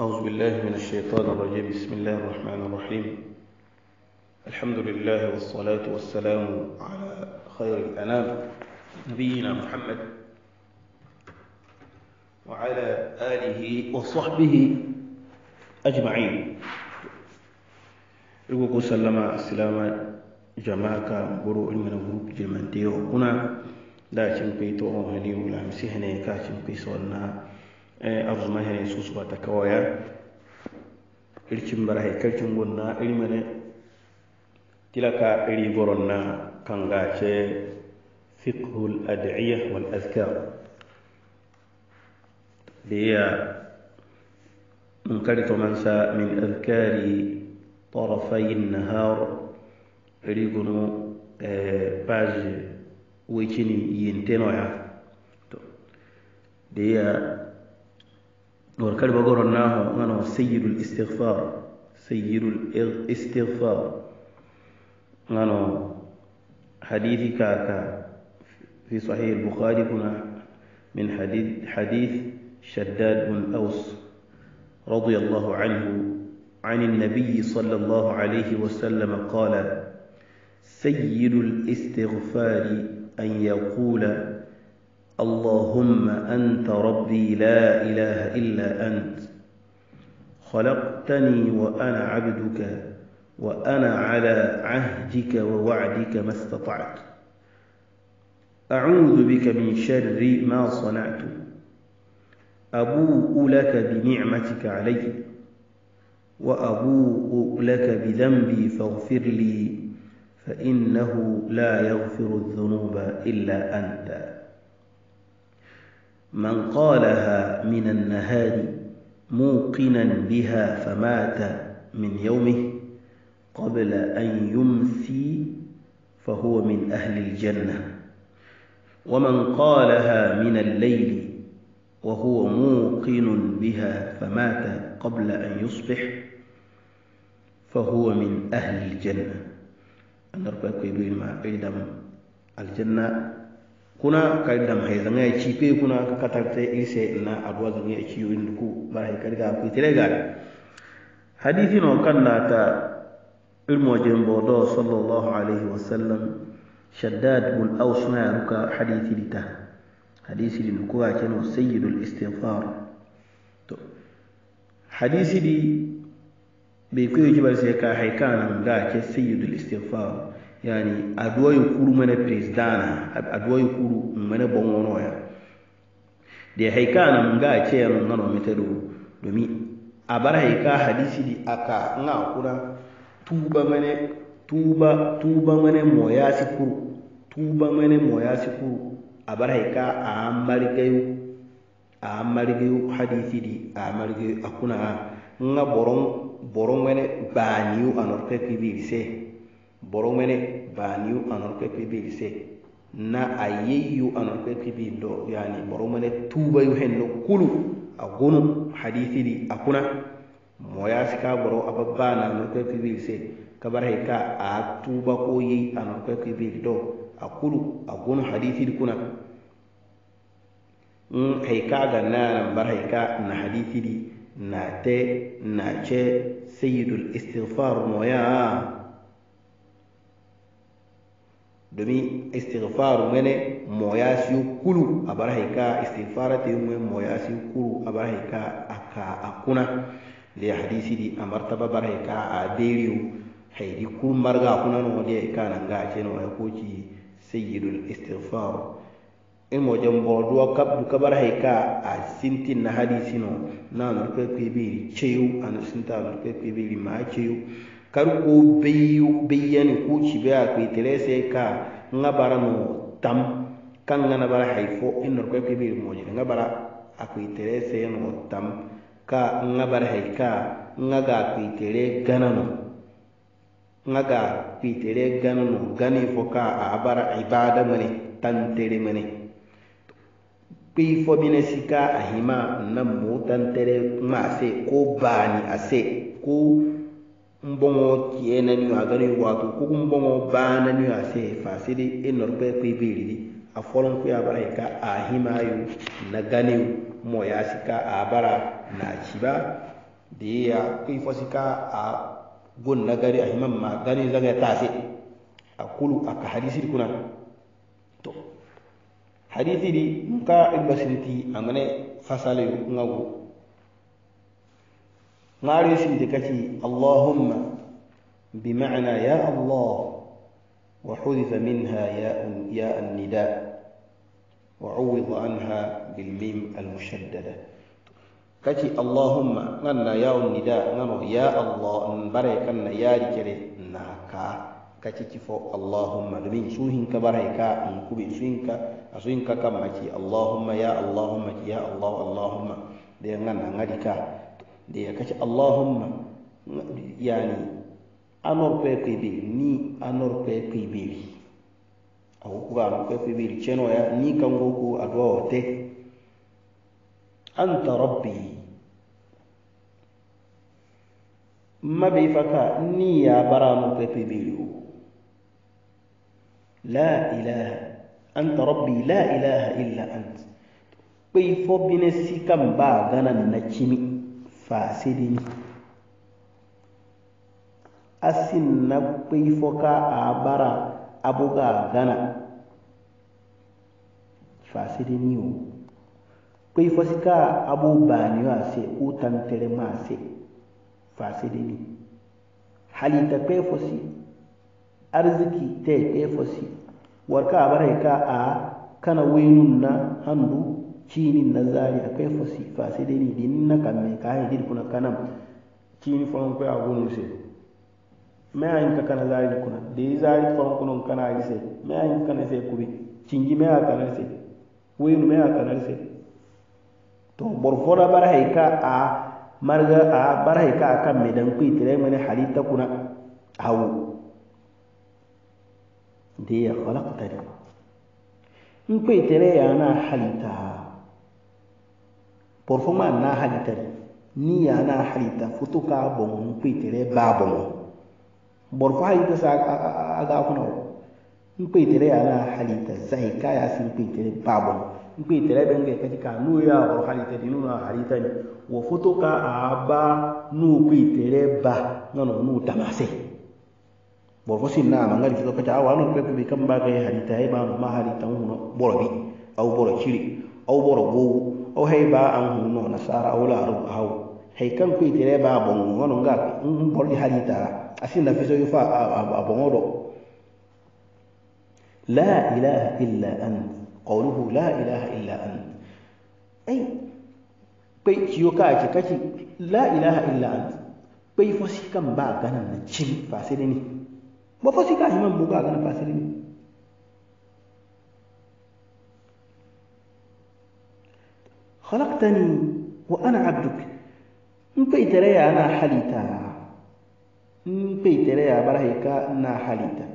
أعوذ بالله من الشيطان الرجيم بسم الله الرحمن الرحيم الحمد لله والصلاة والسلام على خير الأنام نبينا محمد وعلى آله وصحبه أجمعين رجوكو سلم السلام جماعك برو من group جمانتي kuna لا تنبيتو أهلي ولا مسيحني wula msi hane azuma hene susubata kawaya irkin barahe karkin gonna irmene tilaka iri boronna kanga ce fiqhul ad'iyah wal azkar liya منكرت منسى من أذكار طرفي النهار ريغنو باج ويشيني ينتنويا ديا دور كلمة قرناها أنا سيد الاستغفار سيد الاستغفار أنا حديث كاكا في صحيح البخاري هنا من حديث حديث شداد بن أوس رضي الله عنه عن النبي صلى الله عليه وسلم قال سيد الاستغفار أن يقول اللهم أنت ربي لا إله إلا أنت خلقتني وأنا عبدك وأنا على عهدك ووعدك ما استطعت أعوذ بك من شر ما صنعت أبوء لك بنعمتك علي وأبوء لك بذنبي فاغفر لي فإنه لا يغفر الذنوب إلا أنت من قالها من النهار موقنا بها فمات من يومه قبل أن يمسي فهو من أهل الجنة ومن قالها من الليل وهو موقن بها فمات قبل أن يصبح فهو من أهل الجنة أن ربك يبين مع أيضا الجنة kuna kar da mai zanga ya cipe kuna ka katar ta ise na abuwa zanga ya ciyo inda ku ba ya karga ku tire ga hadithi no kan na ta ilmojin bodo sallallahu alaihi wasallam shaddad bin aus na ruka hadithi dita hadisi din ku ga kenan sayyidul istighfar to hadisi di bai kai ji sai ka haika nan ga ke sayyidul istighfar yani adwayu kuru mana presidana adwayu kuru mana bonwono ya da haika nan ga ce yan nan mu ta do domin a bar haika hadisi di aka na kura tuba mana tuba tuba mana moya sikuru tuba mana moya sikuru a bar haika a margayu a margayu hadisi di a margayu akuna nga borom borom mene baniu anor ke pibirse borom mene baniu anor ke pibirse na ayeyu anor ke pibilo yani borom mene tuba yu henno kulu agunu hadithi di akuna moya sika boro ababana anor ke pibirse kabar he ka a tuba ko yi anor ke pibilo akulu agunu hadithi di kuna in mm, haika ga nan bar haika na hadithi di nate nace sayyidul istighfar moya domin istighfar mene moya siyo kulu a bar haika istighfara ta yi moya siyo kulu a bar haika a ka a da ya hadisi di a martaba bar haika a beriyu haidi kun marga kuna nuna da ya ika nan ga ce na wani koci sayyidul istighfar imojin e borduwa kab duka bar haika a sintin na hadisi no na narkai kwibiri ceyu a nusinta narkai kwibiri ma ceyu kar ko bayu bayani ko ci a kai terese ka nga bara no tam kan nga na bara haifo in e narkai kwibiri mojin nga bara a kai terese no tam ka nga bara haika nga ga kai tere gana no nga ga kai tere gana no gani fo ka a bara ibada mane tantere mane kpei fɔ mine sika ahima na ma se ko baani ase ko mbɔŋɔ tiɛ na ni a gani waatu ko mbɔŋɔ baa na ni ase faasiri e nɔrɔkpɛ kpei de a fɔlɔn ko ya bara yi e ka ahima yi na gani ya sika a bara na ciba de ya kpei sika a gon na gani ahima ma gani zagaya taase a kulu a ka hadisiri kuna to hadithi di nka ibasiriti amane fasale ngago ngari sinti kati allahumma bima'na ya allah wa hudhifa minha ya ya an-nida wa uwidha anha bil mim al-mushaddada kati allahumma nganna ya an-nida ngano ya allah bare kanna ya dikere naka kati kifo allahumma domin suhin ka bare ka kubi suhin ka asun ka kam maki allahumma ya allahumma ya allah allahumma da ya ngana ngadika da ya kace allahumma yani anor pe pe be ni anor pe pe be awo ko ga anor pe pe be cheno ya ni kango ko adwa ote anta rabbi mabe faka ni ya bara anor pe pe be la ilaha anta rabbi la ilaha illa ant pe fo bine kam ba gana na cimi fasidini asin na pe fo ka abara bara abuga gana fasidini o pei fo ka abu se baniyo ase ma se fasidini halita pe fo si arziki te pe fo si war ka abaray ka a kana waynun na handu ciinin na zaari a kay fo si fa se deni din na kam me ka hay dir kuna kanam ciini fo ko a gonu se me ay ka kana zaari kuna de zaari fo ko non kana ay se me ay kana se kubi cinji me a kana se waynu me a kana se to bor fo da bar hay ka a marga a bar hay ka kam me dan kuy tire mane halita kuna awu دي خلقتني in kwaitere ya na halitta porfoma na halitta ni ya na halitta fito ka bon kwaitere ba bon borfo halitta sa aga kuna in kwaitere ya na halitta zai kaya sun kwaitere ba bon in kwaitere ben ga kaji ka nu ya bor halitta dinu na halitta ni wa fito ka aba nu tere ba nono nu tamase borosi na mangari to kata awano pe bi kamba ga harita hay ba ma harita huno borobi aw boro chiri aw boro go aw hay ba an na nasara aw la aru aw hay kan ku itire ba bon ngono nga un mm, mm, bordi harita asinda fiso yufa abongodo la ilaha illa an qawluhu la ilaha illa an ay pe kiyo ka ake kaci la ilaha illa an bai fosi kan ba ganan cin fasidi ne ma fosi ka man buga gana fasiri khalaqtani wa ana abduk in itara ya na halita in fai tarayya bar haika na halita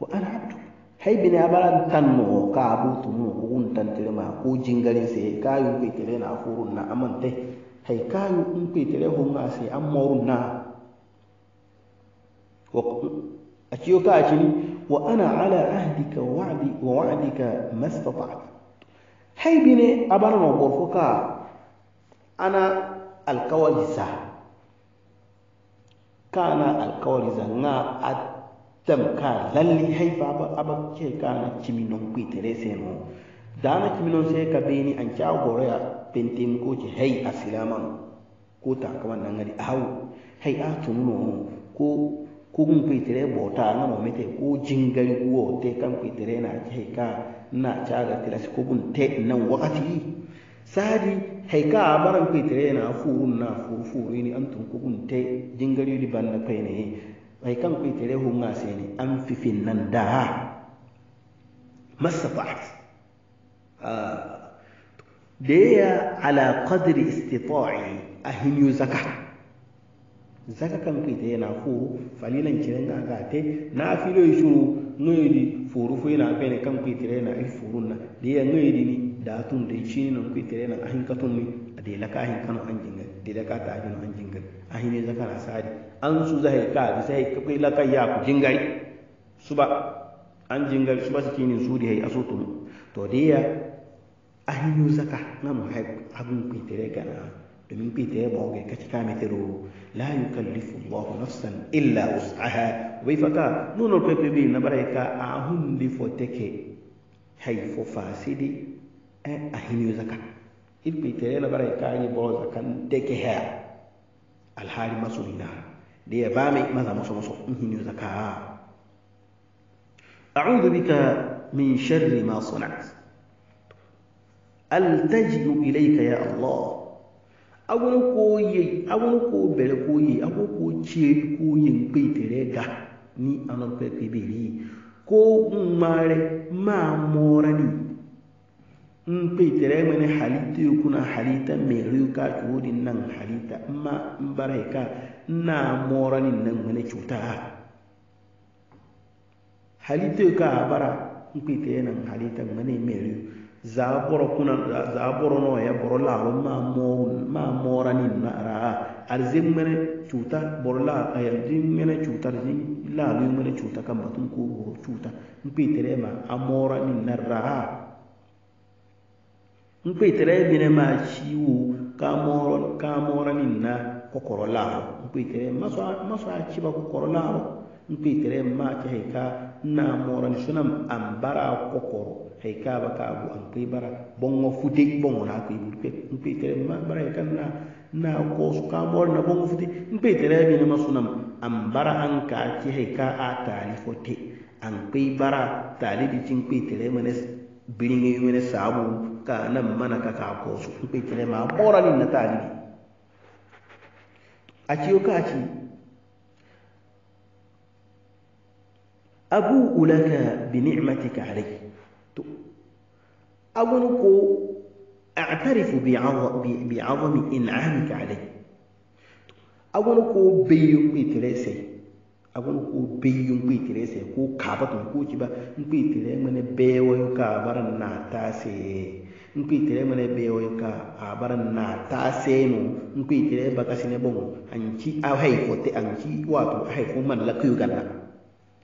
wa ana abduk hay bine tan mu ka abutu mu kun tantire ma ko jingarin sai ka yu fai itara na furun na amante hay ka yu in fa itara ho ma sai amma na ciyo ka cini, wa ana ala ahdika wa wa'dika mastata'tu haybine abana ma borfo ka ana alkawaliza kana alkawaliza nga atam ka lalli haifa a ka na kiminon kwitere seno na kiminon sai ka beni an kya a pentin ko ce hai silaman ko takawan nan gari hau hai a tunu ko kun kwitere bota nga mo mete ko jingari wo te kan kwitere na haika na chaga tilas ko ta te nan wakati sadi heka maran kwitere na furun na furfuru ni antun ko gun te jingari di banna kaine ai kan kwitere hu nga ne an fifin nan da masafa'at ah, da ya ala qadri istita'i ahin yuzaka zaka kan ta yana fo falilan kirenga gate na filo shuru ngoyidi furu fo yana pene kankite na il furunna diya di ni datun da shine nan kuitire nan ahin katun ni ade laka ahin kano an jinga de laka ta ahin an jinga ahin ne zaka na sari an su zai ka bi sai ka kai laka ya ku su suba an su suba su kini su dihai asotu to diya ahin yu zaka na mu hagun kuitire kana domin bai ta yaba ga kaci kame tiro la yukallifu Allahu nafsan illa wus'aha bai faka nuno pepe bi na baraika a li foteke hay fo fasidi e ahini zaka il bai ta na baraika ni bo zakan teke ha alhari masulina da ya ba mai maza musu musu ahini zaka a'udhu bika min sharri ma sana'at التجئ اليك يا الله awụrụkwa oye awụrụkwa oberekwa oye awụrụkwa ochiekwa oye mpe ìtẹ̀rẹ́gà ní àwọn pẹ̀pẹ̀bẹ̀ yìí kó ŋmaare na halita mẹ̀rẹ́ ká kúrò ní nan halita má ń bára yìí ká náà mọ́ra ni a bara mpe ìtẹ̀rẹ́ nan zaa boro kuna zaa ya boro laaro maa moora nin na'raa ari zin ŋmene cuuta boro laa din eh, ŋmene cuuta din laalu ŋmene cuuta kamma tun ko boro cuuta n kpiitere ma a moora nin na'raa n kpiitere mine maa ciwo kaa moora nin na kokoro laaro n kpiitere maso a ciba kokoro laaro n kpiitere maa cahe ka naa moora ni sonam an kokoro hay kaba ka abu an kai bara bongo fute bongo na kai burke in kai tere ma bara kan na na ko su ka bor na bongo fute in kai tere bi na masunam an bara an ka ki hay ka a tali fote an kai bara tali di cin kai tere ne biringe ne sabu ka nan mana ka ka ko su in kai tere ma bora ni na tali a ciyo ka ci abu ulaka bi ni'matika alayhi to agun ko a bi 'azami in'amika alayhi agun ko bayyun ku tirese agun ko bayyun ku tirese ko kaba tun ko kiba in ku tire mane bewo ka baran na tase in ku tire mane bewo ka abaran na sai no in ku ba baka sine bon anki a haifo te anki wato haifo man la ku ganna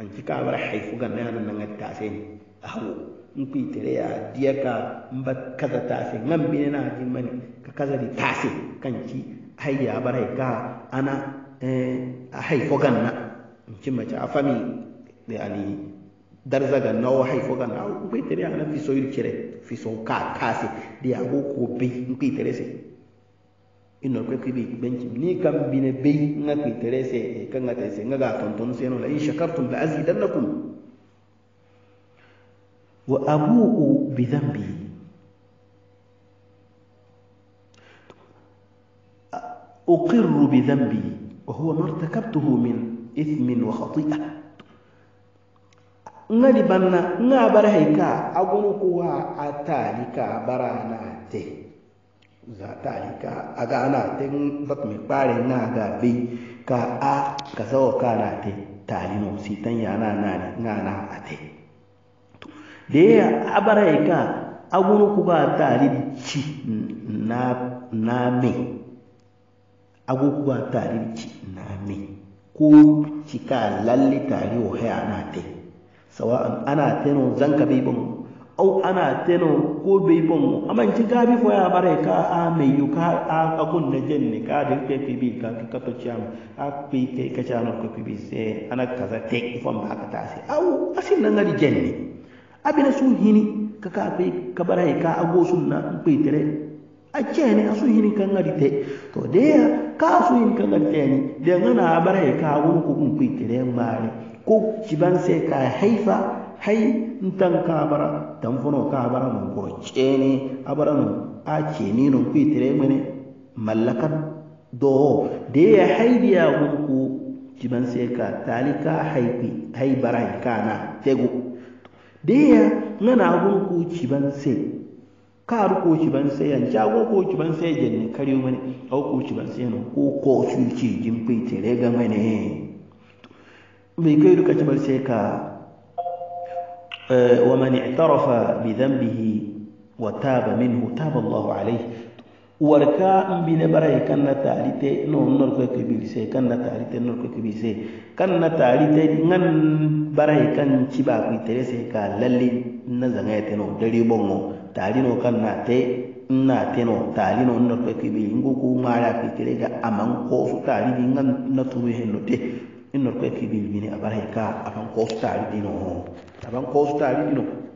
an ci ka bar haifu ga na nan nan ta sai a hawo in ku tare ya diya ka in ba kaza ta sai nan bi na ji mani ka kaza di ta sai kan ci hayya bar ka ana eh, a haifu ga na in ci mace a fami da ali darza ga wa haifu ga na ku tare ya na fi so kire fi so ka ta sai da ya go ko bi in ku tare sai ino kwe kibi benci ni kam bine bei nga ki terese kan nga terese nga ga tonton seno la in shakartum la azidannakum wa abu'u bi dhanbi uqirru bi dhanbi wa huwa ma irtakabtuhu min ithmin wa khati'a ngani banna nga bara heka agunu kuwa atalika barana te zatalika aga ana tin bakmi pare na ga ka a ka so ka na te talino si tan ya na na na na da ya abara ka aguru ku ba tali ci na na me aguru ku ba tali ci na ko ci ka lalle tali o he ana te sawa'an ana te no zanka bi bon au ana teno ko bai bon amma ci gabi fo ya bare ka a ah, me yu ka a ka kun ne jen ne ka da ke pibi ka ka to cham a pi ke ka cha no ko pibi se ana ka za te fo ba ka ta se au asin nan ngari jen ne abina su hini ka ka pe ka bare ka a go sunna pe tere a cene a su hini kan ngari te to de ka su hini kan ngari te ni de ngana bare ka go ku kun pe tere mare ko ban se ka haifa hai ntan kabara tan fono kabara non kuro cene abara non a ni no ku tire mene mallakar do de ya dia gunku jiban sai ka talika haifi hai barai kana tegu de ya ngana gunku jiban sai karu ko jiban sai ja go ko jiban sai ne kare mene au ko jiban sai no ko ko su ci jin kui tire ga mene bai kai duka jiban sai ka ومن اعترف بذنبه وتاب منه تاب الله عليه warka mbine kan na talite no norko kebise kanna talite norko kebise kanna talite ngan bara kan ci ciba ku se ka lalle na zanga te no dare bongo talino kanna te na te no talino norko kebi ngo ku mara ku tere ga aman ko su tali ngan na tuwe hen no te norko kebi mini abara ka aman ko su tali saban ko su